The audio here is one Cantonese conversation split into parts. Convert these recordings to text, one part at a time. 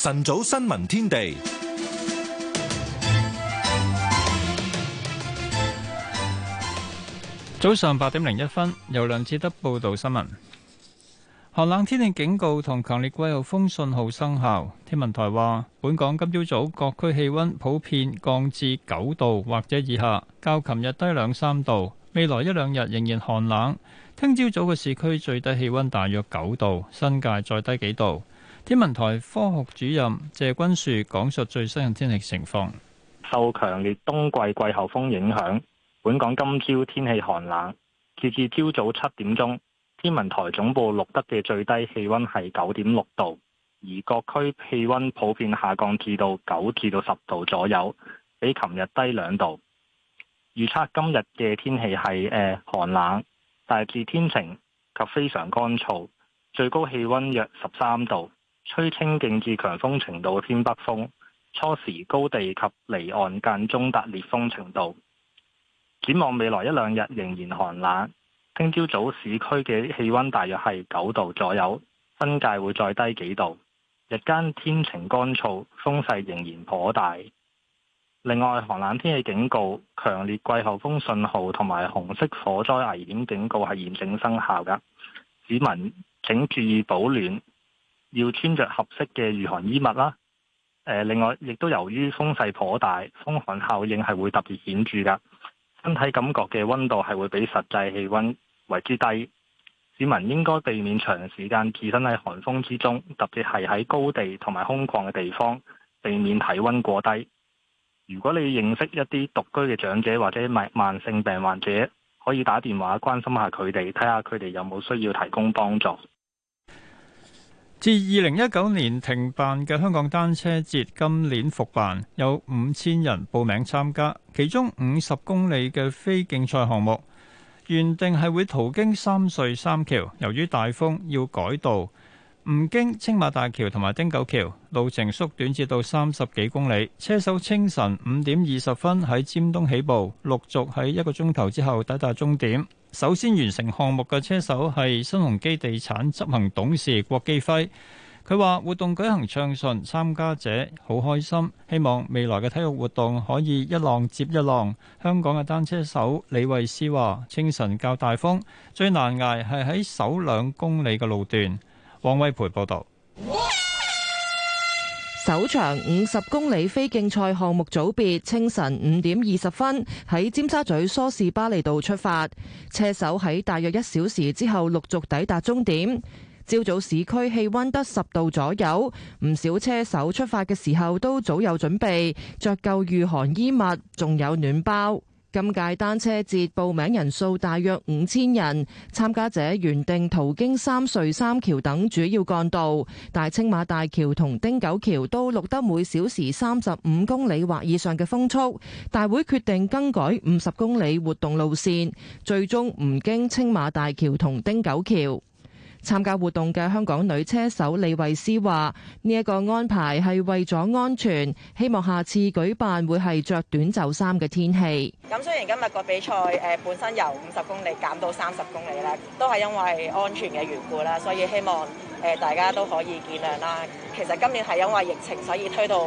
晨早新聞天地。早上八點零一分，由梁志德報道新聞。寒冷天氣警告同強烈季候風信號生效。天文台話，本港今朝早各區氣溫普遍降至九度或者以下，較琴日低兩三度。未來一兩日仍然寒冷。聽朝早嘅市區最低氣溫大約九度，新界再低幾度。天文台科學主任謝君樹講述最新嘅天氣情況。受強烈冬季季候風影響，本港今朝天氣寒冷。截至朝早七點鐘，天文台總部錄得嘅最低氣溫係九點六度，而各區氣溫普遍下降至到九至到十度左右，比琴日低兩度。預測今日嘅天氣係誒寒冷，大致天晴及非常乾燥，最高氣溫約十三度。吹清勁至強風程度偏北風，初時高地及離岸間中達烈風程度。展望未來一兩日仍然寒冷，聽朝早市區嘅氣溫大約係九度左右，新界會再低幾度。日間天晴乾燥，風勢仍然頗大。另外，寒冷天氣警告、強烈季候風信號同埋紅色火災危險警告係現正生效嘅，市民請注意保暖。要穿着合適嘅禦寒衣物啦。誒、呃，另外亦都由於風勢頗大，風寒效應係會特別顯著噶。身體感覺嘅溫度係會比實際氣溫為之低。市民應該避免長時間置身喺寒風之中，特別係喺高地同埋空曠嘅地方，避免體溫過低。如果你認識一啲獨居嘅長者或者慢慢性病患者，可以打電話關心下佢哋，睇下佢哋有冇需要提供幫助。自二零一九年停辦嘅香港單車節，今年復辦，有五千人報名參加，其中五十公里嘅非競賽項目，原定係會途經三隧三橋，由於大風要改道，唔經青馬大橋同埋汀九橋，路程縮短至到三十幾公里。車手清晨五點二十分喺尖東起步，陸續喺一個鐘頭之後抵達終點。首先完成項目嘅車手係新鴻基地產執行董事郭基輝，佢話活動舉行暢順，參加者好開心，希望未來嘅體育活動可以一浪接一浪。香港嘅單車手李慧詩話：清晨較大風，最難捱係喺首兩公里嘅路段。王偉培報導。首場五十公里非競賽項目組別，清晨五點二十分喺尖沙咀梳士巴利道出發，車手喺大約一小時之後陸續抵達終點。朝早市區氣溫得十度左右，唔少車手出發嘅時候都早有準備，着夠御寒衣物，仲有暖包。今屆單車節報名人數大約五千人，參加者原定途經三隧三橋等主要幹道，但青馬大橋同汀九橋都錄得每小時三十五公里或以上嘅風速，大會決定更改五十公里活動路線，最終唔經青馬大橋同汀九橋。參加活動嘅香港女車手李慧詩話：呢、這、一個安排係為咗安全，希望下次舉辦會係着短袖衫嘅天氣。咁雖然今日個比賽誒本身由五十公里減到三十公里啦，都係因為安全嘅緣故啦，所以希望。誒、呃、大家都可以見諒啦。其實今年係因為疫情，所以推到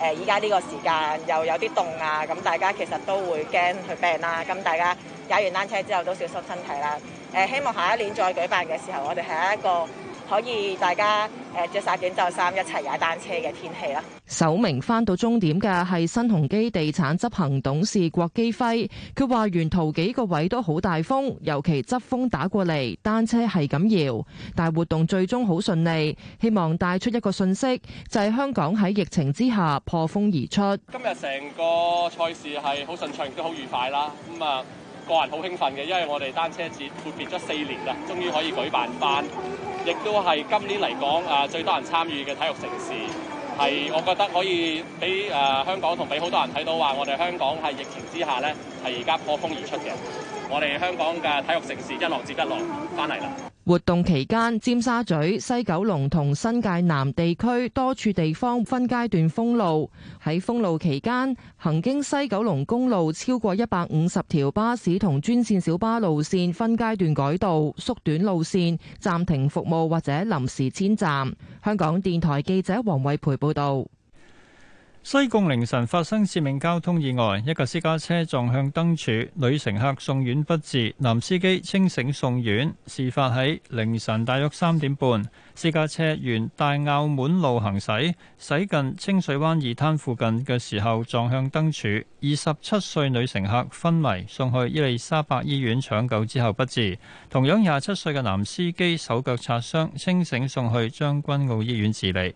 誒依家呢個時間，又有啲凍啊，咁、嗯、大家其實都會驚佢病啦。咁、嗯、大家踩完單車之後都小心身體啦。誒、呃，希望下一年再舉辦嘅時候，我哋係一個。可以大家誒著曬短袖衫一齊踩單車嘅天氣啦！首名翻到終點嘅係新鴻基地產執行董事郭基輝。佢話沿途幾個位都好大風，尤其側風打過嚟，單車係咁搖，但係活動最終好順利，希望帶出一個訊息，就係香港喺疫情之下破風而出。今日成個賽事係好順暢，亦都好愉快啦咁啊！嗯個人好興奮嘅，因為我哋單車節闊別咗四年啦，終於可以舉辦翻，亦都係今年嚟講啊最多人參與嘅體育盛事，係我覺得可以俾誒香港同俾好多人睇到話，我哋香港係疫情之下呢，係而家破風而出嘅，我哋香港嘅體育盛事一浪接一浪翻嚟啦。活動期間，尖沙咀、西九龍同新界南地區多處地方分階段封路。喺封路期間，行經西九龍公路超過一百五十條巴士同專線小巴路線分階段改道、縮短路線、暫停服務或者臨時遷站。香港電台記者黃惠培報導。西貢凌晨發生致命交通意外，一架私家車撞向燈柱，女乘客送院不治，男司機清醒送院。事發喺凌晨大約三點半，私家車沿大澳門路行駛，駛近清水灣二灘附近嘅時候撞向燈柱。二十七歲女乘客昏迷，送去伊利沙伯醫院搶救之後不治。同樣廿七歲嘅男司機手腳擦傷，清醒送去將軍澳醫院治理。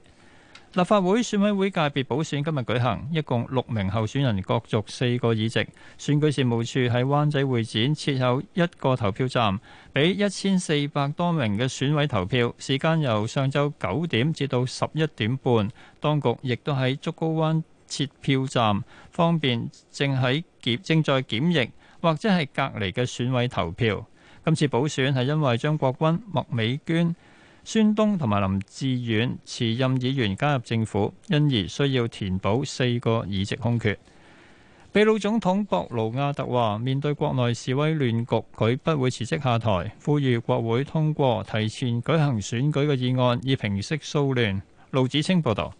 立法會選委會界別補選今日舉行，一共六名候選人角逐四個議席。選舉事務處喺灣仔會展設有一個投票站，俾一千四百多名嘅選委投票，時間由上晝九點至到十一點半。當局亦都喺竹篙灣設票站，方便正喺檢，正在檢疫或者係隔離嘅選委投票。今次補選係因為張國鈞、麥美娟。孫東同埋林志遠辭任議員加入政府，因而需要填補四個議席空缺。秘魯總統博魯亞特話：面對國內示威亂局，佢不會辭職下台，呼籲國會通過提前舉行選舉嘅議案，以平息騷亂。路子清報道。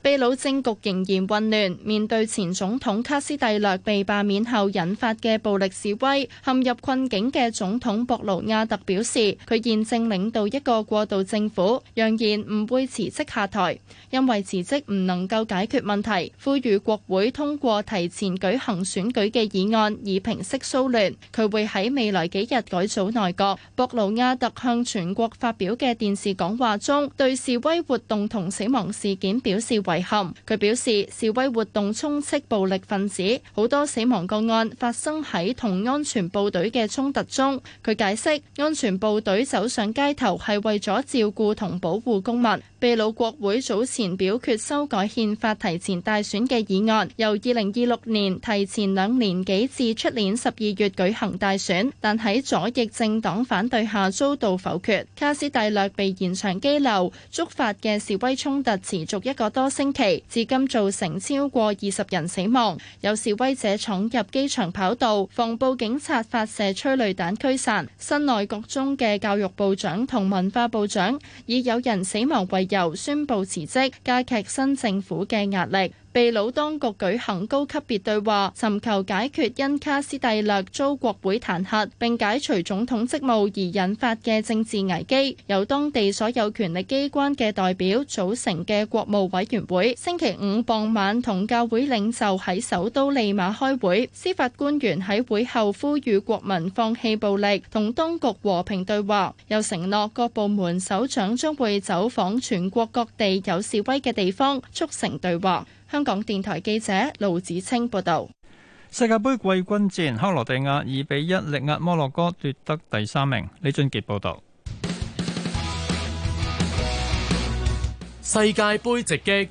秘魯政局仍然混亂，面對前總統卡斯蒂略被罷免後引發嘅暴力示威，陷入困境嘅總統博盧亞特表示，佢現正領導一個過渡政府，揚言唔會辭職下台，因為辭職唔能夠解決問題，呼籲國會通過提前舉行選舉嘅議案以平息騷亂。佢會喺未來幾日改組內閣。博盧亞特向全國發表嘅電視講話中，對示威活動同死亡事件表示遺憾，佢表示示威活動充斥暴力分子，好多死亡個案發生喺同安全部隊嘅衝突中。佢解釋，安全部隊走上街頭係為咗照顧同保護公民。秘魯國會早前表決修改憲法提前大選嘅議案，由二零二六年提前兩年幾至出年十二月舉行大選，但喺左翼政黨反對下遭到否決。卡斯蒂略被延長拘留，觸發嘅示威衝突持續一個多星期，至今造成超過二十人死亡，有示威者闖入機場跑道，防暴警察發射催淚彈驅散。新內閣中嘅教育部長同文化部長以有人死亡為由宣布辭職，加劇新政府嘅壓力。秘魯當局舉行高級別對話，尋求解決因卡斯蒂略遭國會彈劾並解除總統職務而引發嘅政治危機。由當地所有權力機關嘅代表組成嘅國務委員會，星期五傍晚同教會領袖喺首都利馬開會。司法官員喺會後呼籲國民放棄暴力，同當局和平對話，又承諾各部門首長將會走訪全國各地有示威嘅地方，促成對話。香港電臺記者盧子清報道：世界杯季軍戰，克羅地亞二比一力壓摩洛哥奪得第三名。李俊杰報道。世界杯直擊。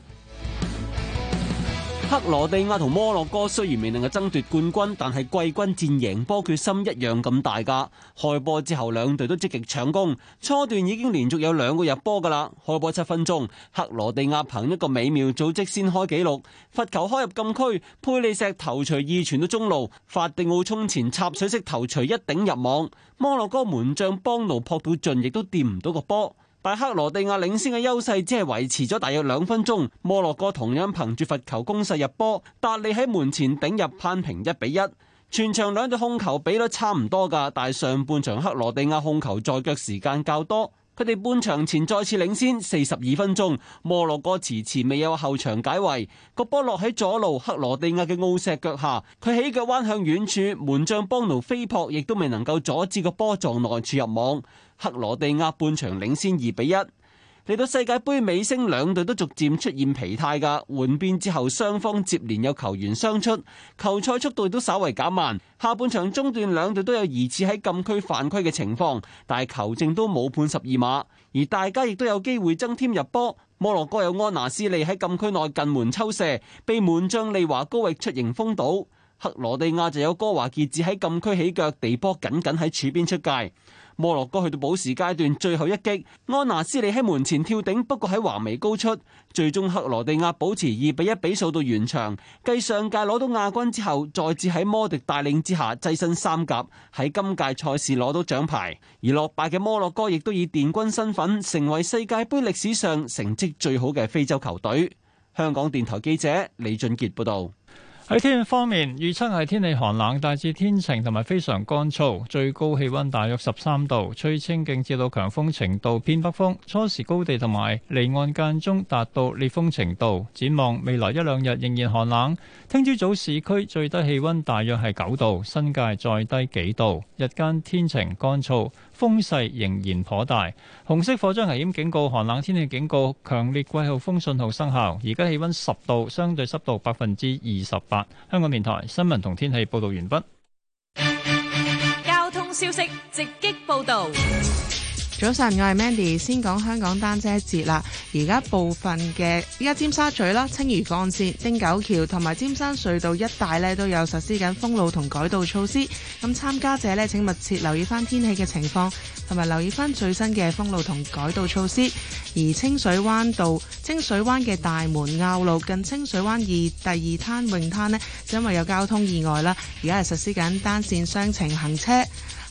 克羅地亞同摩洛哥雖然未能夠爭奪冠軍，但係季軍戰贏波決心一樣咁大噶。開波之後，兩隊都積極搶攻，初段已經連續有兩個入波噶啦。開波七分鐘，克羅地亞憑一個美妙組織先開紀錄，罰球開入禁區，佩里石頭錘二傳到中路，法迪奧衝前插水式頭錘一頂入網。摩洛哥門將邦奴撲到盡，亦都掂唔到個波。但克羅地亞領先嘅優勢只係維持咗大約兩分鐘，摩洛哥同樣憑住罰球攻勢入波，達利喺門前頂入扳平一比一。全場兩隊控球比率差唔多㗎，但係上半場克羅地亞控球在腳時間較多。佢哋半場前再次領先，四十二分鐘，摩洛哥遲遲未有後場解圍，個波落喺左路，克羅地亞嘅奧石腳下，佢起腳彎向遠處，門將邦奴飛撲，亦都未能夠阻止個波撞內柱入網，克羅地亞半場領先二比一。嚟到世界盃尾聲，兩隊都逐漸出現疲態㗎。換邊之後，雙方接連有球員傷出，球賽速度都稍為減慢。下半場中段，兩隊都有疑似喺禁區犯規嘅情況，但係球證都冇判十二碼。而大家亦都有機會增添入波。摩洛哥有安娜斯利喺禁區內近門抽射，被門將利華高域出迎封堵。克羅地亞就有哥華傑子喺禁區起腳地波，僅僅喺柱邊出界。摩洛哥去到補時階段最後一擊，安娜斯利喺門前跳頂，不過喺華眉高出，最終克羅地亞保持二比一比數到完場。繼上屆攞到亞軍之後，再次喺摩迪帶領之下躋身三甲，喺今屆賽事攞到獎牌。而落敗嘅摩洛哥亦都以殿軍身份，成為世界盃歷史上成績最好嘅非洲球隊。香港電台記者李俊傑報道。喺天氣方面，預測係天氣寒冷，大致天晴同埋非常乾燥，最高氣溫大約十三度，吹清勁至到強風程度，偏北風，初時高地同埋離岸間中達到烈風程度。展望未來一兩日仍然寒冷，聽朝早市區最低氣溫大約係九度，新界再低幾度，日間天晴乾燥。風勢仍然頗大，紅色火災危險警告、寒冷天氣警告、強烈季候風信號生效。而家氣溫十度，相對濕度百分之二十八。香港電台新聞同天氣報道完畢。交通消息直擊報道。早晨，我係 Mandy，先講香港單車節啦。而家部分嘅依家尖沙咀啦、青嶼幹線、汀九橋同埋尖山隧道一帶呢，都有實施緊封路同改道措施。咁參加者呢，請密切留意翻天氣嘅情況，同埋留意翻最新嘅封路同改道措施。而清水灣道、清水灣嘅大坳門路近清水灣二第二灘泳灘呢，就因為有交通意外啦，而家係實施緊單線雙程行車。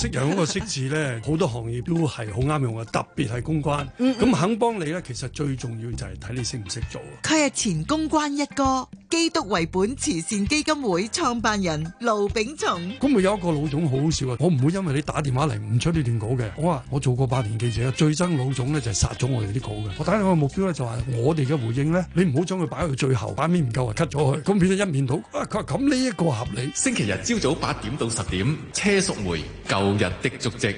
識人嗰個識字咧，好多行業都係好啱用嘅，特別係公關。咁、嗯嗯、肯幫你咧，其實最重要就係睇你識唔識做。佢係前公關一哥，基督為本慈善基金會創辦人盧炳松。咁咪有一個老總好好笑啊！我唔會因為你打電話嚟唔出呢段稿嘅。我話我做過八年記者，最憎老總咧就係殺咗我哋啲稿嘅。我打電話嘅目標咧就係我哋嘅回應咧，你唔好將佢擺去最後，版面唔夠啊，cut 咗佢。咁變咗一面倒啊！佢話咁呢一個合理。星期日朝早八點到十點，車淑梅舊日的足迹。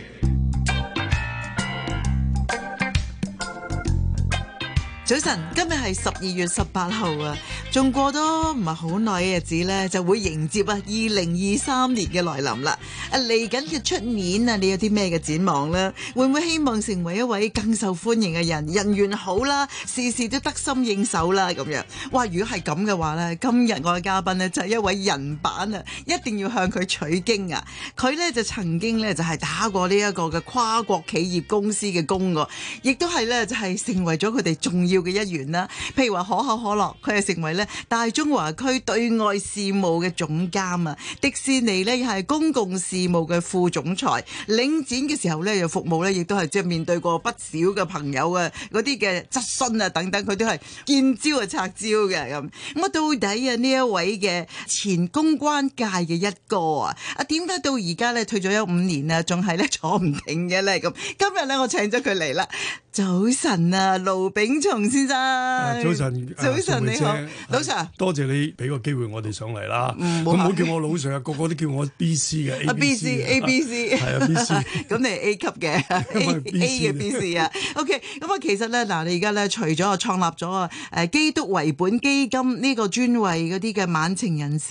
早晨，今日係十二月十八號啊，仲過咗唔係好耐嘅日子咧，就會迎接啊二零二三年嘅來臨啦。啊嚟緊嘅出年啊，你有啲咩嘅展望咧？會唔會希望成為一位更受歡迎嘅人？人緣好啦，事事都得心應手啦，咁樣。哇，如果係咁嘅話咧，今日我嘅嘉賓咧就係一位人版啊，一定要向佢取經啊。佢咧就曾經咧就係打過呢一個嘅跨國企業公司嘅工個，亦都係咧就係成為咗佢哋重要。要嘅一員啦，譬如話可口可樂佢係成為咧大中華區對外事務嘅總監啊；迪士尼咧係公共事務嘅副總裁。領展嘅時候咧，又服務咧，亦都係即係面對過不少嘅朋友啊，啲嘅質詢啊等等，佢都係見招啊拆招嘅咁。咁啊到底啊呢一位嘅前公關界嘅一哥啊，啊點解到而家咧退咗有五年啊，仲係咧坐唔定嘅咧咁？今日咧我請咗佢嚟啦，早晨啊，盧炳松。先生、啊，早晨，啊、早晨你好，早晨，多謝你俾個機會我哋上嚟啦。唔好、哦啊、叫我老 Sir，個個都叫我 B C 嘅 A B C A B C，係啊 B C。咁、啊、 你係 A 級嘅 A 嘅 B C 啊。O K，咁啊，其實咧嗱，你而家咧除咗啊創立咗啊誒基督為本基金呢個專為嗰啲嘅晚晴人士，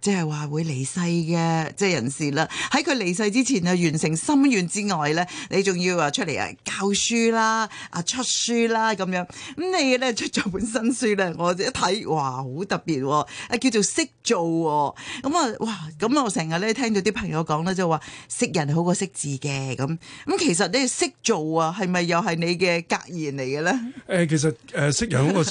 即係話會離世嘅即係人士啦，喺佢離世之前啊完成心願之外咧，你仲要啊出嚟啊教書啦啊出書啦咁樣。啊啊啊啊啊啊啊啊咁你咧出咗本新書咧，我一睇哇好特別，啊叫做識做喎，咁啊哇，咁我成日咧聽到啲朋友講咧，就話識人好過識字嘅，咁咁其實你識做啊，係咪又係你嘅格言嚟嘅咧？誒其實誒識、呃、人好過識。